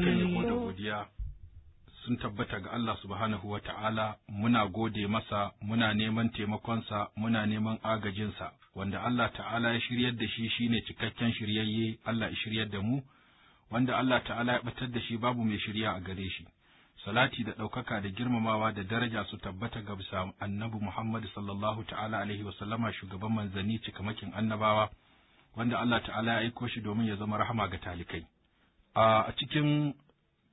dukkan eh, yabo da godiya sun tabbata ga Allah subhanahu wa ta'ala muna gode masa, muna neman taimakonsa, muna neman agajinsa, wanda Allah ta'ala ya shiryar da shi shi ne cikakken shiryayye, Allah ya shiryar da mu, wanda Allah ta'ala ya batar da shi babu mai shirya a gare shi. Salati da ɗaukaka da girmamawa da daraja su tabbata ga bisa annabi Muhammad sallallahu ta'ala alaihi wa sallama shugaban manzani cikamakin annabawa, wanda Allah ta'ala ya aiko shi domin ya zama rahama ga talikai. a cikin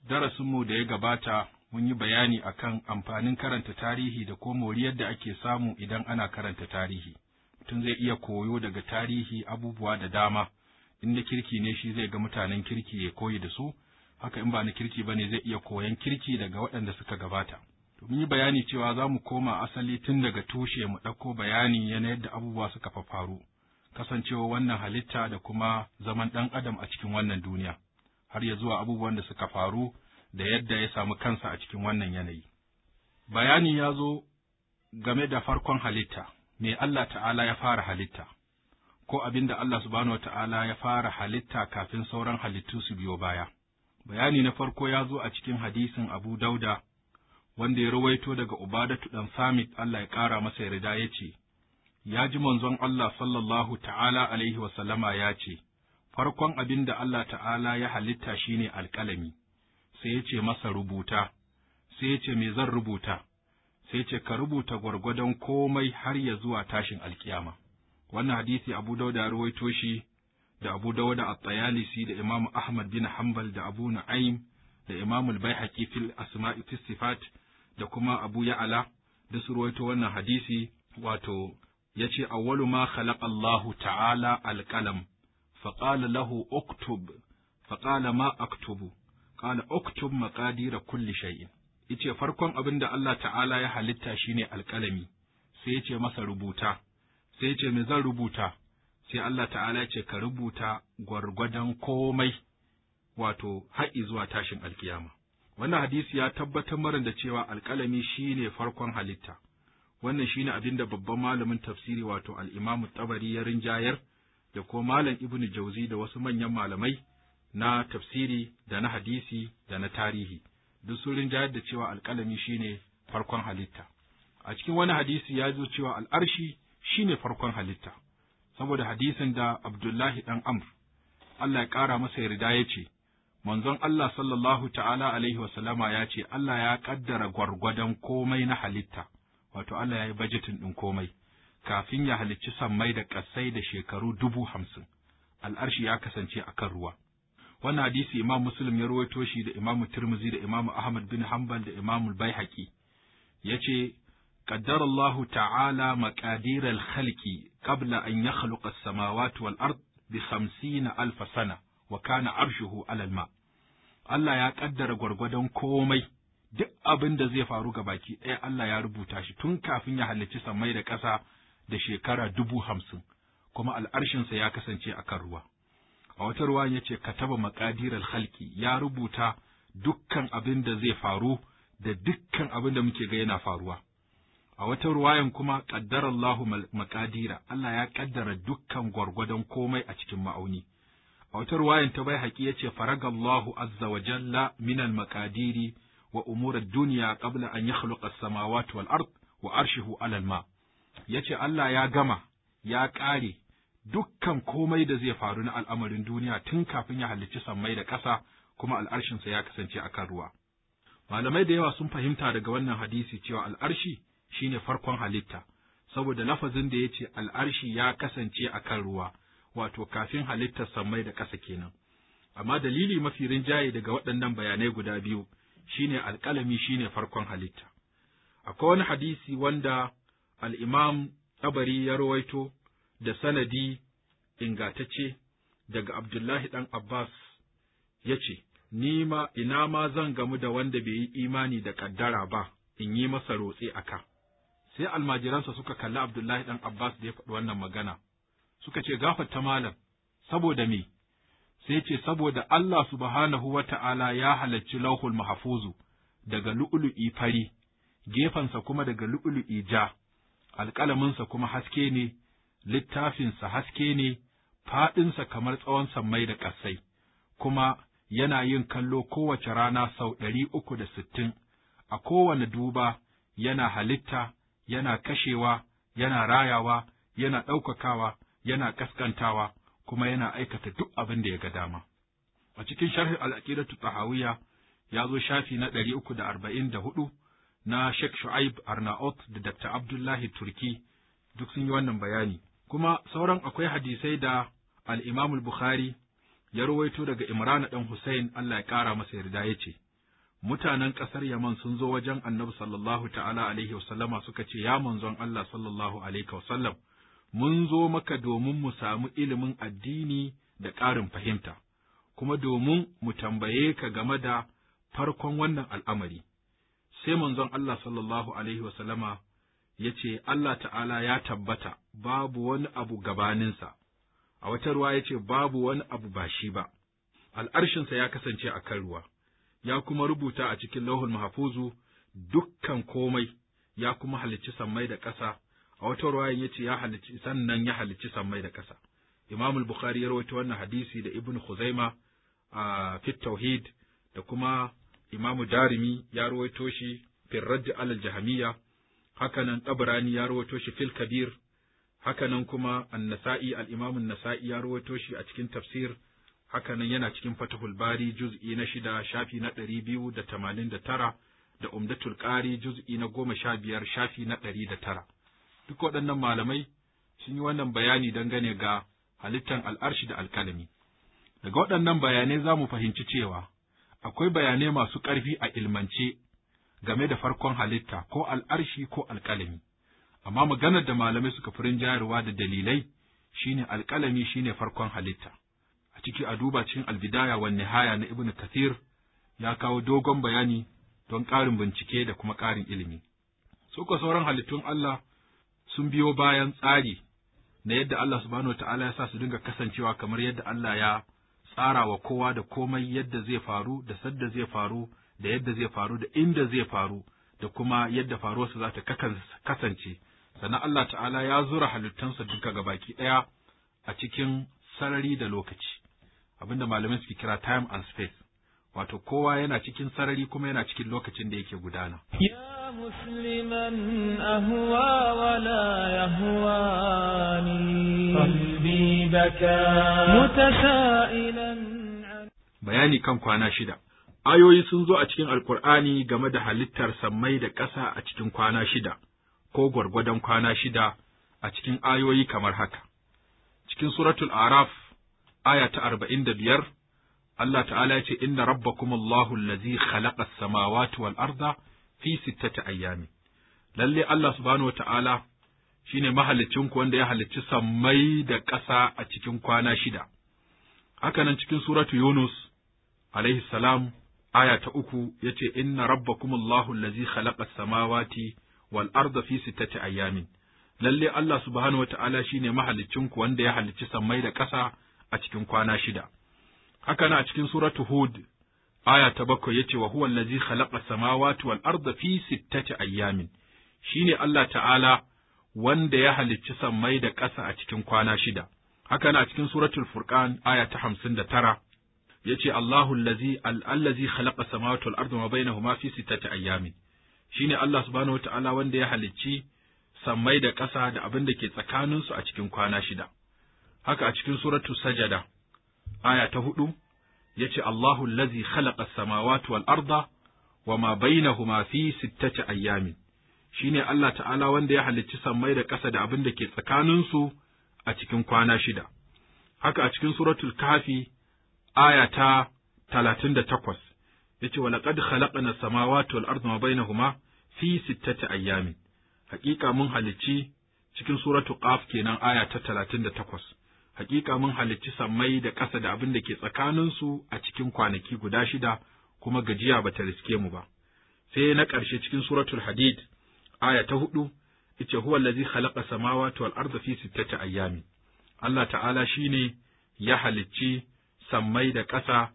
darasinmu da ya gabata mun yi bayani akan amfanin karanta tarihi da ko moriyar yadda ake samu idan ana karanta tarihi. Mutum zai iya koyo daga tarihi abubuwa da dama, in da kirki ne shi zai ga mutanen kirki ya koyi da su, haka in ba na kirki bane zai iya koyan kirki daga waɗanda suka gabata. mun yi bayani cewa za mu koma asali tun daga tushe mu ɗauko bayani yana yadda abubuwa suka faru, kasancewa wannan halitta da kuma zaman ɗan adam a cikin wannan duniya. har ya zuwa abubuwan da suka faru da yadda ya samu kansa a cikin wannan yanayi. Bayani ya zo game da farkon halitta, me Allah ta'ala ya fara halitta, ko abin da Allah subhanahu wa ta'ala ya fara halitta kafin sauran halittu su biyo baya. Bayani na farko ya zo a cikin hadisin Abu Dauda, wanda ya rawaito daga Ubadatu ɗan Samit Allah ya ƙara masa yarda ya ce, Ya ji manzon Allah sallallahu ta'ala alaihi wasallama ya ce, farkon abin da Allah ta'ala ya halitta shine alƙalami, sai ya ce masa rubuta, sai ya ce me zan rubuta, sai ya ce ka rubuta gwargwadon komai har ya zuwa tashin alkiyama. Wannan hadisi Abu Dawud ya ruwaito shi da Abu Dawud at-Tayalisi da Imam Ahmad bin Hanbal da Abu Nu'aym da Imam al-Baihaqi fil Asma'i fis da kuma Abu Ya'la da su ruwaito wannan hadisi wato yace awwalu ma khalaqa Allahu ta'ala al-qalam فقال له اكتب فقال ما اكتب قال اكتب مقادير كل شيء yace farkon abin da Allah ta'ala ya halitta shine alkalami. sai yace masa rubuta sai yace me zan rubuta sai Allah ta'ala yace ka rubuta gwargwadon komai wato haƙi zuwa tashin alkiyama wannan hadisi ya tabbatar mara da cewa alkalami shine farkon halitta wannan shine abin da babban malamin tafsiri wato al-Imam Tabari ya rinjayar da ko Malam Ibn Jauzi da wasu manyan malamai na tafsiri da na hadisi da na tarihi, duk sun rinjayar da cewa alƙalami shine farkon halitta. A cikin wani hadisi ya zo cewa al'arshi shine farkon halitta, saboda hadisin da Abdullahi ɗan Amr, Allah ya ƙara masa yarda ya ce, Manzon Allah sallallahu ta'ala alaihi wasallama ya ce, Allah ya ƙaddara gwargwadon komai na halitta, wato Allah ya yi bajetin ɗin komai. kafin ya halicci sammai da ƙasai da shekaru dubu hamsin, al'arshi ya kasance a kan ruwa. Wannan hadisi Imam Muslim ya rawaito shi da Imam Tirmizi da Imam Ahmad bin Hambal da Imam Baihaqi. Ya ce, قدر الله تعالى مقادير الخلق قبل أن يخلق السماوات والأرض بخمسين ألف سنة وكان عرشه على الماء Allah ya ƙaddara gwargwadon komai duk abin da zai faru ga baki ɗaya Allah ya rubuta shi tun kafin ya halicci sammai da ƙasa da shekara dubu hamsin, kuma al'arshinsa ya kasance a kan ruwa. A wata ruwa ya ce, Kataba maƙadirar halki ya rubuta dukkan abin da zai faru da dukkan abin da muke ga yana faruwa. A wata ruwayan kuma, Allahu maƙadira, Allah ya ƙaddara dukkan gwargwadon komai a cikin ma'auni. A wata ruwayan ta bai haƙi ya ce, Faragallahu azza wa jalla minal maƙadiri wa umurar duniya ƙabla an yakhluqa samawati wal ard wa arshihu alal ma' ya ce Allah ya gama, ya ƙare dukkan komai da zai faru na al'amarin duniya tun kafin ya halicci sammai da ƙasa kuma al'arshinsa ya kasance a kan ruwa. Malamai da yawa sun fahimta daga wannan hadisi cewa al'arshi shine farkon halitta, saboda lafazin da ya ce al'arshi ya kasance a kan ruwa, wato kafin halittar sammai da ƙasa kenan. Amma dalili mafi rinjaye daga waɗannan bayanai guda biyu shine alƙalami shine farkon halitta. Akwai wani hadisi wanda al'imam tabari ya rawaito da sanadi ingatacce daga Abdullahi ɗan Abbas ya ce, Ni ma ina ma zan gamu da wanda bai yi imani da ƙaddara ba, in yi masa rotse a ka. Sai almajiransa suka kalli Abdullahi ɗan Abbas da ya faɗi wannan magana, suka ce ta malam, saboda me? Sai ce saboda Allah subhanahu wa ta'ala ya halarci lauhul mahafuzu daga lu'ulu'i fari, gefensa kuma daga lu'ulu'i ja. alƙalaminsa kuma haske ne, littafinsa haske ne, faɗinsa kamar tsawon sammai da ƙasai, kuma yana yin kallo kowace rana sau ɗari uku da sittin, a kowane duba yana halitta, yana kashewa, yana rayawa, yana ɗaukakawa, yana ƙasƙantawa, kuma yana aikata duk abin da ya ga dama. A cikin sharhin al'aƙidatu tahawiyya ya zo shafi na ɗari uku da arba'in da hudu, na Sheikh Shu'aib Arnaut da Dr. Abdullahi Turki duk sun yi wannan bayani. Kuma sauran akwai hadisai da al-Imam Bukhari ya ruwaito daga Imran dan Hussein Allah ya ƙara masa yarda ya ce, Mutanen ƙasar Yaman sun zo wajen annabi sallallahu ta'ala alaihi wasallama suka ce, Ya manzon Allah sallallahu alaihi wasallam, mun zo maka domin mu samu ilimin addini da ƙarin fahimta, kuma domin mu tambaye ka game da farkon wannan al'amari. sai manzon Allah sallallahu Alaihi wasallama ya ce, Allah ta'ala ya tabbata, babu wani abu gabaninsa, a wata ruwa ya ce, babu wani abu ba shi ba, al'arshinsa ya kasance a kan ruwa, ya kuma rubuta a cikin lauhul mahafuzu dukkan komai, ya kuma halicci sammai da ƙasa, a wata ruwa ya ce, ya halicci sannan ya halicci sammai da ƙasa. Imamul bukhari ya rawaito wannan hadisi da Ibn Khuzaima a ah, fit tauhid da kuma imamu darimi ya ruwaito shi fil radd al jahamiyya hakanan Ɗabrani ya ruwaito shi fil kabir hakanan kuma an-nasa'i al-imam an-nasa'i ya ruwaito shi a cikin tafsir hakanan yana cikin fatahul bari juz'i na shida shafi na ɗari biyu da tamanin da tara da umdatul ƙari juz'i na goma sha biyar shafi na ɗari da tara duk waɗannan malamai sun yi wannan bayani dangane ga halittar al'arshi da alkalami daga waɗannan bayanai za mu fahimci cewa akwai bayanai masu ƙarfi a ilmance game da farkon halitta ko al'arshi ko alƙalami, amma maganar da malamai suka fi rinjayarwa da dalilai shine alƙalami shine farkon halitta. A ciki a duba cikin albidaya wa nihaya na Ibn Kathir ya kawo dogon bayani don ƙarin bincike da kuma ƙarin ilimi. Suka sauran halittun Allah sun biyo bayan tsari na yadda Allah subhanahu wa ta'ala ya sa su dinga kasancewa kamar yadda Allah ya tsara wa kowa da komai yadda zai faru da sadda zai faru da yadda zai faru da inda zai faru da kuma yadda faruwarsa za ta kasance sannan Allah ta'ala ya zura halittansa duka ga baki ɗaya a cikin sarari da lokaci abinda malamai suke kira time and space wato kowa yana cikin sarari kuma yana cikin lokacin da yake gudana. Ya musliman ahwa wala yahwani. bayani kan kwana shida ayoyi sun zo a cikin alkur'ani game da halittar sammai da ƙasa a cikin kwana shida ko gwargwadon kwana shida a cikin ayoyi kamar haka cikin suratul araf aya ta arba'in da biyar Allah ta'ala ya ce inna rabbakum Allahu allazi khalaqa as-samawati wal arda fi sittati ayyami lalle Allah subhanahu wa ta'ala shine mahalicinku wanda ya halicci sammai da ƙasa a cikin kwana shida. Hakanan cikin suratu Yunus, alaihi salam, aya ta uku ya ce, Inna rabbakum Allahu allazi khalaqa samawati wal arda fi sittati ayyamin. Lalle Allah subhanahu wata'ala ne mahaliccinku wanda ya halicci sammai da ƙasa a cikin kwana shida. Hakanan a cikin suratu Hud, aya ta bakwai ya ce, Wa huwa lazi khalaqa samawati wal arda fi sittati ayyamin. Shine Allah ta'ala wanda ya halicci sammai da ƙasa a cikin kwana shida. Haka na cikin suratul Furqan aya ta hamsin da tara, ya ce Allahu allazi al'allazi khalaqa samawati wal arda ma bainahuma fi sittati Shi ne Allah subhanahu wa ta'ala wanda ya halicci sammai da ƙasa da abin da ke tsakaninsu a cikin kwana shida. Haka a cikin suratu sajada, aya ta hudu, ya ce Allahu lazi khalaqa samawati wal arda wa ma bainahuma fi sittati ayyami. Shi ne Allah ta'ala wanda ya halicci sammai da ƙasa da abin da ke tsakaninsu a cikin kwana shida. Haka a cikin suratul kafi aya ta talatin da takwas, ya ce, Walaƙad sama, wato al’arzuma bai na huma fi ta ayyami. Haƙiƙa mun halicci cikin suratul ƙaf kenan aya ta talatin da takwas. Haƙiƙa mun halicci sammai da ƙasa da abin da ke tsakaninsu a cikin kwanaki guda shida, kuma gajiya ba ta riske mu ba. Sai na ƙarshe cikin suratul hadid, aya ta hudu ita huwa allazi khalaqa samawati wal arda fi sittati ayyami Allah ta'ala shine ya halicci sammai da ƙasa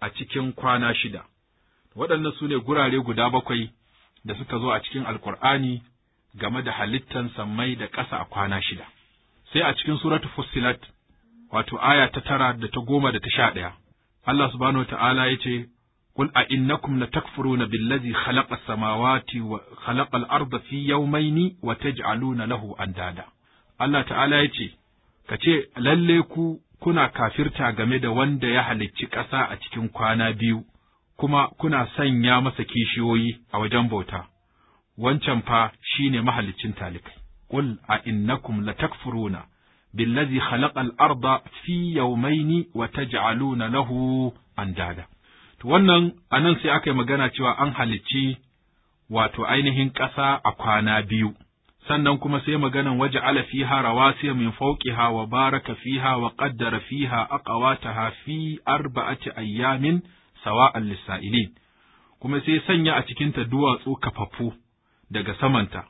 a cikin kwana shida waɗannan su ne gurare guda bakwai da suka zo a cikin alkur'ani game da halittan sammai da ƙasa a kwana shida sai a cikin suratu fussilat wato aya ta tara da ta goma da ta sha ɗaya Allah subhanahu ta'ala ya ce قل أئنكم لتكفرون بالذي خلق السماوات وخلق الأرض في يومين وتجعلون له أندادا Allah ta'ala ya ce, Ka ce, lalle ku kuna kafirta game da wanda ya halicci ƙasa a cikin kwana biyu, kuma kuna sanya masa kishiyoyi a wajen bauta, wancan fa shi ne mahalicin talikai. Qul a innakum latakfuruna billazi khalaqa al-arda fi yawmaini wa taj'aluna lahu andada. To wannan a nan sai aka yi magana cewa an halicci wato ainihin ƙasa a kwana biyu, sannan kuma sai maganan waje ala fiha rawasiya min fauqiha wa baraka fiha wa qaddara fiha aqwataha fi arba'ati ayyamin sawa'an lisa'ilin. Kuma sai sanya a cikinta duwatsu kafaffu daga samanta,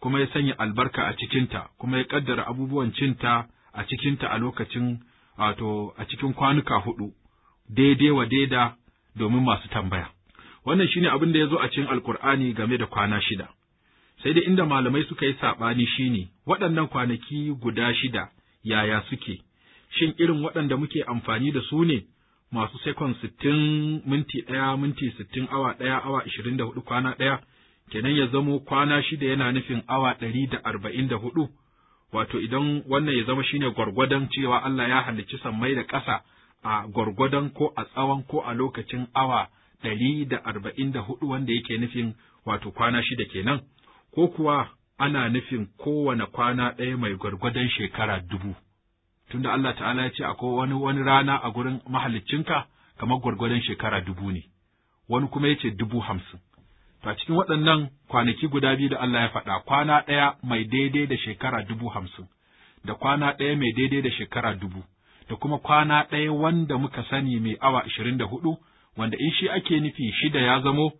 kuma ya sanya albarka a cikinta, kuma ya ƙaddara abubuwan cinta a cikinta a lokacin wato a cikin kwanuka huɗu, daidai wa daida domin masu tambaya. Wannan shine abin da ya zo a cikin Alkur'ani game da kwana shida. Sai dai inda malamai suka yi saɓani shine waɗannan kwanaki guda shida yaya suke, shin irin waɗanda muke amfani da su ne masu sekon sittin minti ɗaya minti sittin awa ɗaya awa ashirin da hudu kwana ɗaya kenan ya zamo kwana shida yana nufin awa ɗari da arba'in da hudu wato idan wannan ya zama shine gwargwadon cewa Allah ya halicci sammai da ƙasa a gwargwadon ko a tsawon ko a lokacin awa ɗari da arba'in da hudu wanda yake nufin wato kwana shida kenan, ko kuwa ana nufin kowane kwana ɗaya mai gwargwadon shekara dubu. Tunda Allah ta'ala ya ce akwai wani wani rana a gurin mahaliccinka kamar gwargwadon shekara dubu ne, wani kuma ya ce dubu hamsin. To a cikin waɗannan kwanaki guda biyu da Allah ya faɗa kwana ɗaya mai daidai da shekara dubu hamsin, da kwana ɗaya mai daidai da shekara dubu. da kuma kwana ɗaya wanda muka sani mai awa ashirin da hudu, wanda in shi ake nufi shida ya zamo,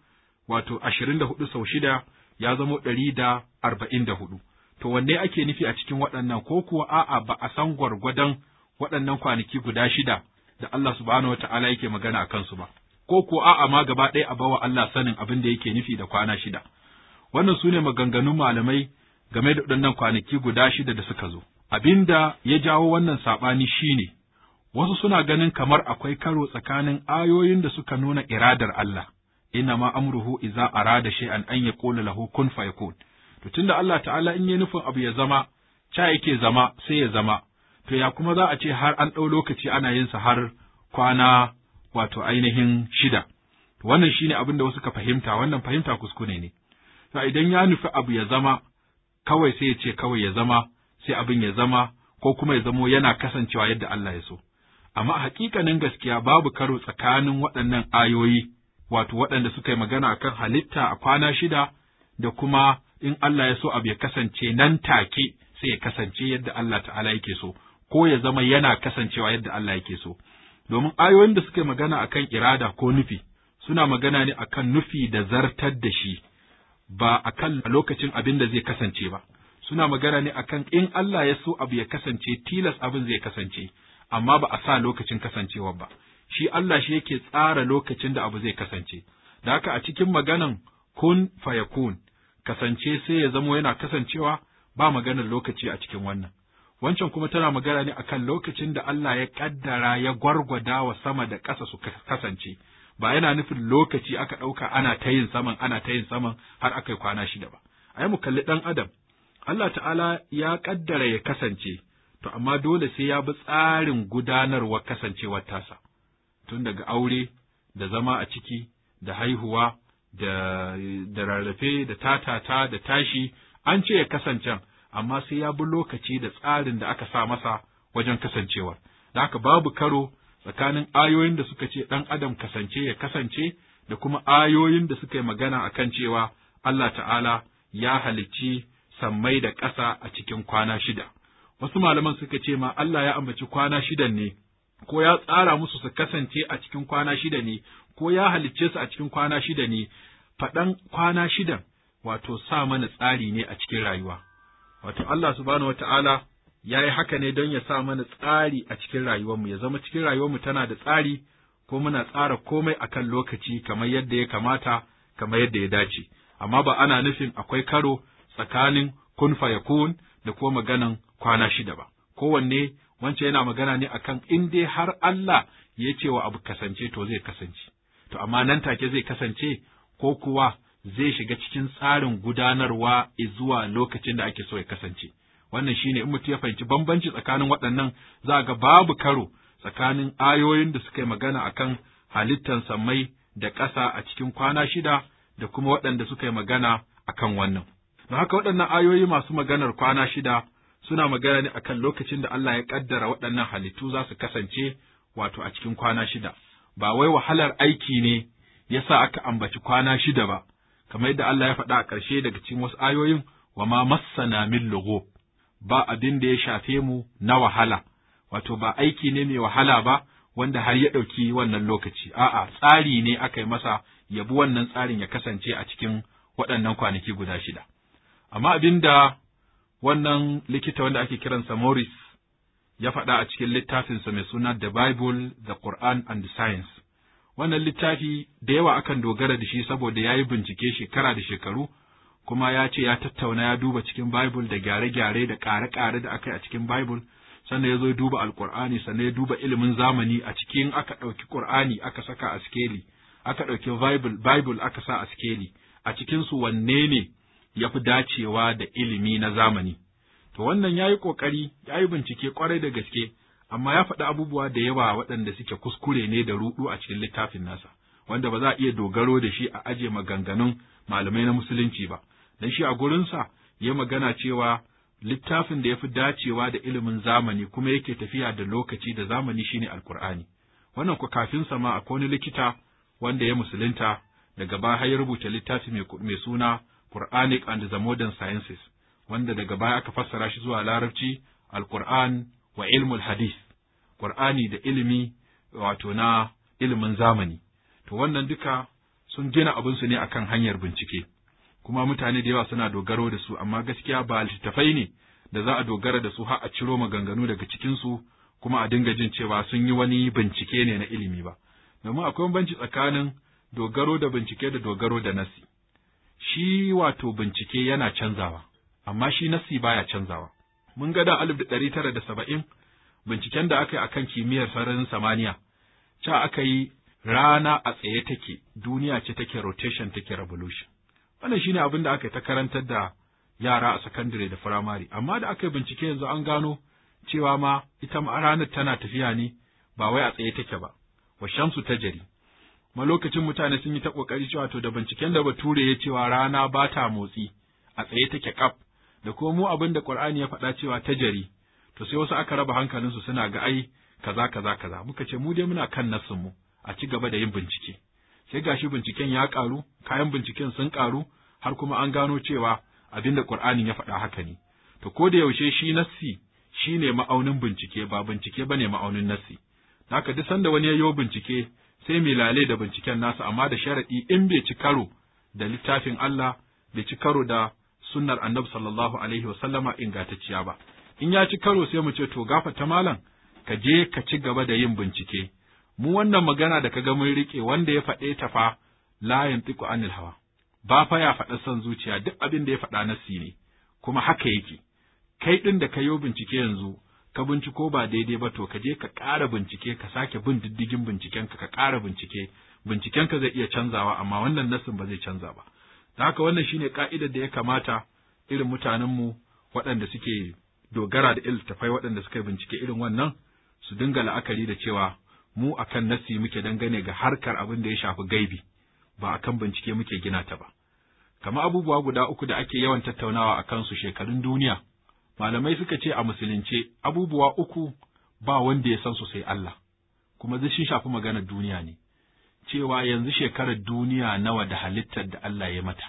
wato ashirin da hudu sau shida ya zamo ɗari da arba'in da hudu. To wanne ake nufi a cikin waɗannan ko kuwa a'a ba a san gwargwadon waɗannan kwanaki guda shida da Allah subhanahu wa ta'ala yake magana a kansu ba. Ko kuwa a'a ma gaba ɗaya a bawa Allah sanin abin da yake nufi da kwana shida. Wannan su ne maganganun malamai game da waɗannan kwanaki guda shida da suka zo. Abinda ya jawo wannan saɓani shine wasu suna ganin kamar akwai karo tsakanin ayoyin da suka nuna iradar Allah, ina ma amruhu iza arada shay'an an ya ƙona lahu kun fayakun. To tunda Allah ta'ala in ya nufin abu ya zama, ca yake zama sai ya zama, to ya kuma za a ce har an ɗau lokaci ana yin sa har kwana wato ainihin shida. Wannan shine ne abin da wasu ka fahimta, wannan fahimta kuskure ne. To idan ya nufi abu ya zama, kawai sai ya ce kawai ya zama, sai abin ya zama ko kuma ya zamo yana kasancewa yadda Allah ya so. Amma hakikanin gaskiya babu karo tsakanin waɗannan ayoyi, wato waɗanda suka yi magana akan halitta a kwana shida da kuma in Allah ya so abu ya kasance nan take sai ya kasance yadda Allah ta'ala yake so, ko ya zama yana kasancewa yadda Allah yake so. Domin ayoyin da suka yi magana akan irada ko nufi, suna magana ne akan nufi da zartar da shi, ba akan lokacin abin da zai kasance ba. suna magana ne akan in Allah ya so abu ya kasance tilas abin zai kasance amma ba a sa lokacin kasancewa ba shi Allah shi yake tsara lokacin da abu zai kasance da haka a cikin maganan kun fayakun kasance sai ya zama yana kasancewa ba maganar lokaci a cikin wannan wancan kuma tana magana ne akan lokacin da Allah ya kaddara ya gwargwada wa sama da ƙasa su kasance ba yana nufin lokaci aka ɗauka ana ta yin saman ana ta yin saman har aka yi kwana shida ba yi mu kalli ɗan adam Allah ta'ala ya ƙaddara ya kasance, to amma dole sai ya bi tsarin gudanarwa kasancewar tasa, tun daga aure, da zama a ciki, da haihuwa, da, da rarrafe, da tatata, da tashi, an ce ya kasance. amma sai ya bi lokaci da tsarin da aka sa masa wajen kasancewar. Da haka babu karo tsakanin ayoyin da suka ce ɗan adam kasance ya kasance da kuma ayoyin da suka yi magana a kan cewa Allah ta'ala ya halicci sammai da ƙasa a cikin kwana shida. Wasu malaman suka ce ma Allah ya ambaci kwana shidan ne, ko ya tsara musu su kasance a cikin kwana shida ne, ko ya halicce su a cikin kwana shida ne, faɗan kwana shidan wato sa mana tsari ne a cikin rayuwa. Wato Allah subhanahu wata'ala ya yi haka ne don ya sa mana tsari a cikin rayuwarmu, ya zama cikin rayuwarmu tana da tsari, ko muna tsara komai a kan lokaci kamar yadda ya kamata, kamar yadda ya dace, amma ba ana nufin akwai karo tsakanin kun fayakun da kuma maganan kwana shida ba. Kowanne wancan yana magana ne akan in dai har Allah ya ce wa abu kasance to zai kasance. To amma nan take zai kasance ko kuwa zai shiga cikin tsarin gudanarwa zuwa lokacin da ake so ya kasance. Wannan shi ne in mutum ya fahimci bambanci tsakanin waɗannan za ga babu karo tsakanin ayoyin da suka yi magana akan halittan sammai da ƙasa a cikin kwana shida da kuma waɗanda suka yi magana akan wannan. Don haka waɗannan ayoyi masu maganar kwana shida suna magana ne akan lokacin da Allah ya ƙaddara waɗannan halittu za su kasance wato a cikin kwana shida. Ba wai wahalar aiki ne ya sa aka ambaci kwana shida ba, kamar yadda Allah ya faɗa a ƙarshe daga cikin wasu ayoyin wa ma massana min logo, ba abin da ya shafe mu na wahala, wato ba aiki ne mai wahala ba wanda har ya ɗauki wannan lokaci, a'a tsari ne aka yi masa ya bi wannan tsarin ya kasance a cikin waɗannan kwanaki guda shida. Amma abin da wannan likita wanda ake kiransa Morris ya faɗa a cikin littafinsa mai suna The Bible, The Quran and the Science. Wannan littafi da yawa akan dogara da shi saboda ya yi bincike shekara da shekaru, kuma ya ce ya tattauna ya duba cikin Bible da gyare-gyare da ƙare-ƙare da aka yi a cikin Bible, sannan ya zo ya duba Alƙur'ani, sannan ya duba ilimin zamani a cikin aka ɗauki Ƙur'ani aka saka a skeli, aka ɗauki Bible, Bible aka sa a skeli, a cikinsu wanne ne ya fi dacewa da ilimi na zamani. To wannan ya yi ƙoƙari, ya yi bincike ƙwarai da gaske, amma ya faɗi abubuwa da yawa waɗanda suke kuskure ne da ruɗu a cikin littafin nasa, wanda ba za a iya dogaro da shi a aje maganganun malamai na musulunci ba. Dan shi a gurinsa ya magana cewa littafin da ya fi dacewa da ilimin zamani kuma yake tafiya da lokaci da zamani shine Alƙur'ani. Wannan ku kafin ma akwai wani likita wanda ya musulunta daga baya ya rubuta littafi mai suna Quranic and the Modern Sciences, wanda daga baya aka fassara shi zuwa Larabci, Al-Qur'an wa ilmul hadith, Qur'ani da ilimi wato na ilimin zamani. To wannan duka sun gina su ne akan hanyar bincike, kuma mutane da yawa suna dogaro da su, amma gaskiya ba littattafai ne da za a dogara da su har a ciro maganganu daga cikinsu kuma a dinga jin cewa sun yi wani bincike ne na ilimi ba. Domin akwai banci tsakanin dogaro da bincike da dogaro da nasi. shi wato bincike yana canzawa, amma shi nasi baya canzawa. Mun ga da alif da ɗari tara da saba'in binciken da aka yi a kan kimiyyar sararin samaniya, ca aka yi rana a tsaye take, duniya ce take rotation take revolution. Wannan ne abin da aka yi ta karantar da yara a sakandare da firamare, amma da aka yi bincike yanzu an gano cewa ma ita ma ranar tana tafiya ne ba wai a tsaye take ba, wa shamsu ta jari, ma lokacin mutane sun yi ta ƙoƙari cewa to da binciken da bature ya cewa rana ba ta motsi a tsaye take kaf da kuma mu abin da Qur'ani ya faɗa cewa ta jari to sai wasu aka raba hankalin su suna ga ai kaza kaza kaza muka ce mu dai muna kan nassin mu a ci gaba da yin bincike sai gashi binciken ya ƙaru kayan binciken sun ƙaru har kuma an gano cewa abin da Qur'ani ya faɗa haka ne to ko da yaushe shi nassi shine ma'aunin bincike ba bincike bane ma'aunin nassi haka duk sanda wani ya yo bincike sai mai lalai da binciken nasa amma da sharaɗi in bai ci karo da littafin Allah bai ci karo da sunnar annabi sallallahu alaihi sallama ingantacciya ba in ya ci karo sai mu ce to gafata malam ka je ka ci gaba da yin bincike mu wannan magana da kaga mun rike wanda ya faɗe ta fa la yantiqu anil hawa ba fa ya faɗa son zuciya duk abin da ya faɗa nasi ne kuma haka yake kai ɗin da ka bincike yanzu ka binciko ba daidai ba to ka je ka ƙara bincike ka sake bin diddigin bincikenka ka ƙara bincike bincikenka zai iya canzawa amma wannan nasin ba zai canza ba da haka wannan shine ka'idar da ya kamata irin mutanenmu waɗanda suke dogara da iltafai waɗanda suka bincike irin wannan su dinga la'akari da cewa mu akan nasi muke dangane ga harkar abin da ya shafi gaibi ba akan bincike muke gina ta ba. Kama abubuwa guda uku da ake yawan tattaunawa a su shekarun duniya, Malamai suka ce a musulunce abubuwa uku ba wanda ya san su sai Allah, kuma zai shin shafi maganar duniya ne, cewa yanzu shekarar duniya nawa da halittar da Allah ya mata,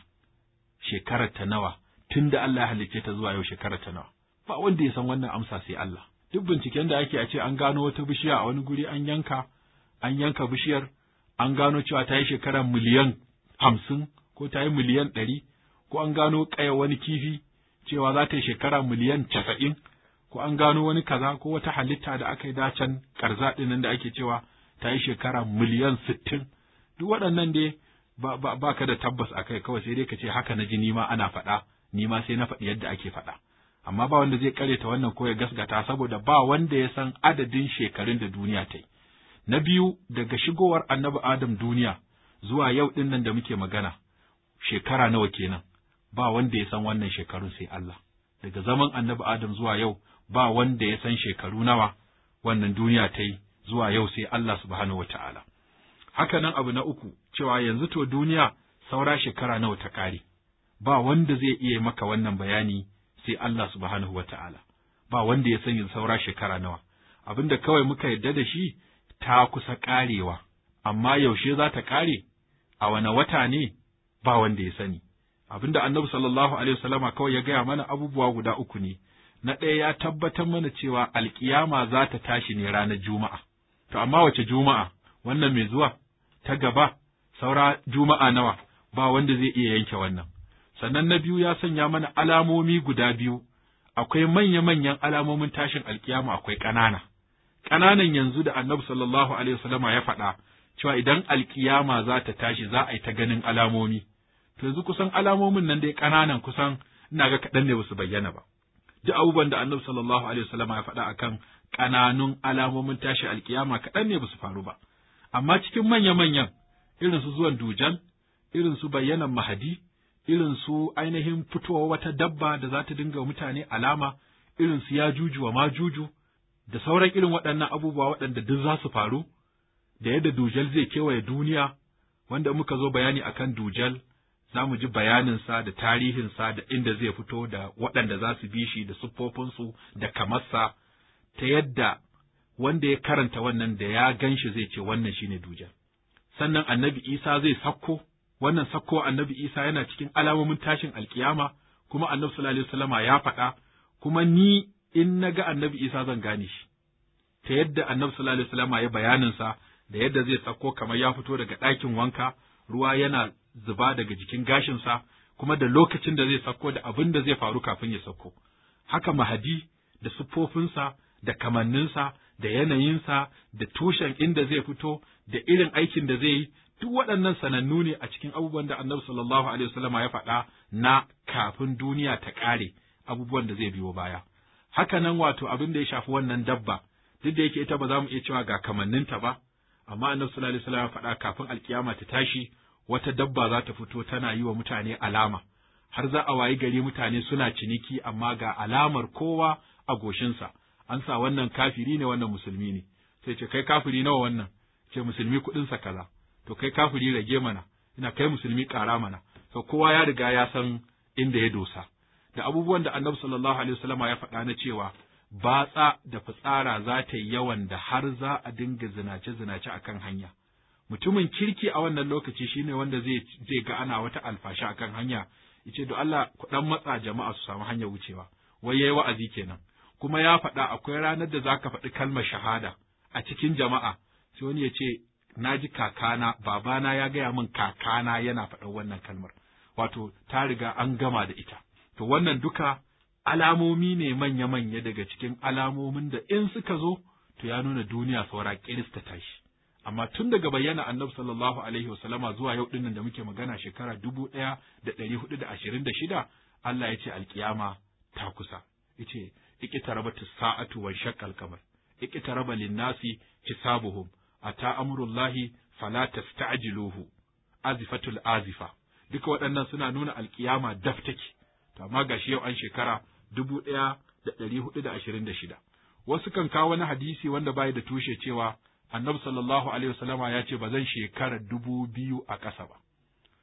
shekarar ta nawa, tun da Allah ya halicce ta zuwa yau shekarar ta nawa, ba wanda ya san wannan amsa sai Allah. Duk binciken da ake a ce an gano wata bishiya a wani guri an yanka, an yanka bishiyar, an gano cewa ta yi shekarar miliyan hamsin ko ta yi miliyan ɗari, ko an gano ƙaya wani kifi cewa za ta yi shekara miliyan casa'in ko an gano wani kaza ko wata halitta da aka yi dacen karza nan da ake cewa ta yi shekara miliyan sittin duk waɗannan dai ba, ka da tabbas a kai kawai sai dai ka ce haka na ji nima ana faɗa nima sai na faɗi yadda ake faɗa amma ba wanda zai ta wannan ko ya gasgata saboda ba wanda ya san adadin shekarun da duniya ta yi na biyu daga shigowar annabi adam duniya zuwa yau ɗin nan da muke magana shekara nawa kenan ba wanda ya san wannan shekarun sai Allah daga zaman annabi Adam zuwa yau ba wanda ya san shekaru nawa wannan duniya ta yi zuwa yau sai Allah subhanahu wata'ala haka nan abu na uku cewa yanzu to duniya saura shekara nawa ta ƙare ba wanda zai iya maka wannan bayani sai Allah subhanahu wata'ala ba wanda ya san yin saura shekara nawa Abin da kawai muka yarda da shi ta kusa ƙarewa amma yaushe za ta ƙare a wane wata ne ba wanda ya sani abinda annabi sallallahu alaihi wasallama kawai ya gaya mana abubuwa guda uku ne na ɗaya ya tabbatar mana cewa alkiyama za ta tashi ne ranar juma'a to amma wace juma'a wannan mai zuwa ta gaba saura juma'a nawa ba wanda zai iya yanke wannan sannan na biyu ya sanya mana alamomi guda biyu akwai manya-manyan alamomin tashin alkiyama akwai ƙanana ƙananan yanzu da annabi sallallahu alaihi wasallama ya faɗa cewa idan alkiyama za ta tashi za a yi ta ganin alamomi To yanzu kusan alamomin nan da dai ƙananan kusan ina ga kaɗan ne ba su bayyana ba. ji abubuwan da annabi sallallahu alaihi wasallam ya faɗa akan ƙananun alamomin tashi alƙiyama kaɗan ne ba su faru ba. Amma cikin manya-manyan irin su zuwan dujan, irin su bayyanan mahadi, irin su ainihin fitowa wata dabba da za ta dinga mutane alama, irin su ya juju wa ma juju, da sauran irin waɗannan abubuwa waɗanda duk za su faru, da yadda dujal zai kewaye duniya, wanda muka zo bayani akan dujal za mu ji bayaninsa da tarihinsa da inda zai fito da waɗanda za su bi shi da siffofinsu da kamarsa ta yadda wanda ya karanta wannan da ya gan shi zai ce wannan shine dujan. Sannan annabi Isa zai sakko, wannan sakko annabi Isa yana cikin alamomin tashin alkiyama, kuma annabi sallallahu alaihi ya faɗa, kuma ni in na ga annabi Isa zan gane shi. Ta yadda annabi sallallahu alaihi wasallama ya bayaninsa da yadda zai sakko kamar ya fito daga ɗakin wanka, ruwa yana zuba daga jikin gashinsa kuma da lokacin da zai sauko da abin da zai faru kafin ya sauko. Haka mahadi da siffofinsa da kamanninsa da yanayinsa da tushen inda zai fito da irin aikin da zai yi duk waɗannan sanannu ne a cikin abubuwan da annabi sallallahu alaihi wasallama ya faɗa na kafin duniya ta ƙare abubuwan da zai biyo baya. Haka nan wato abin da ya shafi wannan dabba duk da yake ita ba za mu iya cewa ga kamanninta ba amma annabi sallallahu alaihi wasallama ya faɗa kafin alkiyama ta tashi wata dabba za ta fito tana yi wa mutane alama, har za a wayi gari mutane suna ciniki amma ga alamar kowa a goshinsa, an sa wannan kafiri ne wannan musulmi ne, sai ce kai kafiri nawa wannan, ce musulmi kuɗinsa kaza, to kai kafiri rage mana, ina kai musulmi ƙara mana, to kowa ya riga ya san inda ya dosa. Da abubuwan da annabi sallallahu alaihi wasallam ya faɗa na cewa batsa da fitsara za ta yi yawan da har za a dinga zinace-zinace a kan hanya. mutumin kirki a wannan lokaci shine wanda zai zai ga ana wata alfasha akan hanya yace do Allah ku dan matsa jama'a su samu hanyar wucewa wai yayi wa'azi kenan kuma ya faɗa akwai ranar da zaka faɗi kalmar shahada a cikin jama'a sai wani ya ce na ji kakana babana ya gaya min kakana yana faɗan wannan kalmar wato ta riga an gama da ita to wannan duka alamomi ne manya-manya daga cikin alamomin da in suka zo to ya nuna duniya saura kirista tashi amma tun daga bayyana annabi sallallahu alaihi wasallama zuwa yau dinnan da muke magana shekara dubu ɗaya da ɗari hudu da ashirin da shida Allah ya ce alkiyama ta kusa yace iqtaraba sa'atu wa shaqqal qamar iqtaraba lin-nasi hisabuhum ata amrullahi fala tasta'jiluhu azifatul azifa duka waɗannan suna nuna alkiyama daf take to amma gashi yau an shekara dubu ɗaya da ɗari hudu da ashirin da shida wasu kan kawo wani hadisi wanda bai da tushe cewa annabi sallallahu alaihi wasallama ya ce ba zan shekara dubu biyu a ƙasa ba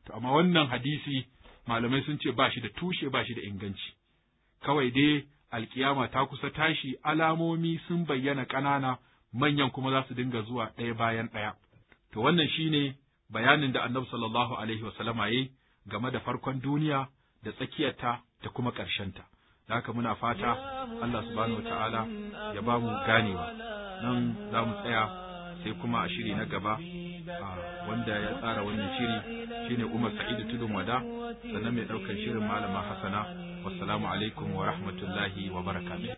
to amma wannan hadisi malamai sun ce ba shi da tushe ba shi da inganci kawai dai alƙiyama ta kusa tashi alamomi sun bayyana ƙanana manyan kuma za su dinga zuwa ɗaya bayan ɗaya to wannan shi ne bayanin da annabi sallallahu alaihi wasallama yayi game da farkon duniya da tsakiyarta da kuma ƙarshenta da haka muna fata Allah subhanahu wa ta'ala ya ba mu ganewa nan za mu tsaya sai kuma a shiri na gaba wanda ya tsara wannan shiri shine Umar Sa'idu Tudun Wada sannan mai ɗaukar shirin Malama Hassana wassalamu alaikum wa rahmatullahi wa barakatuh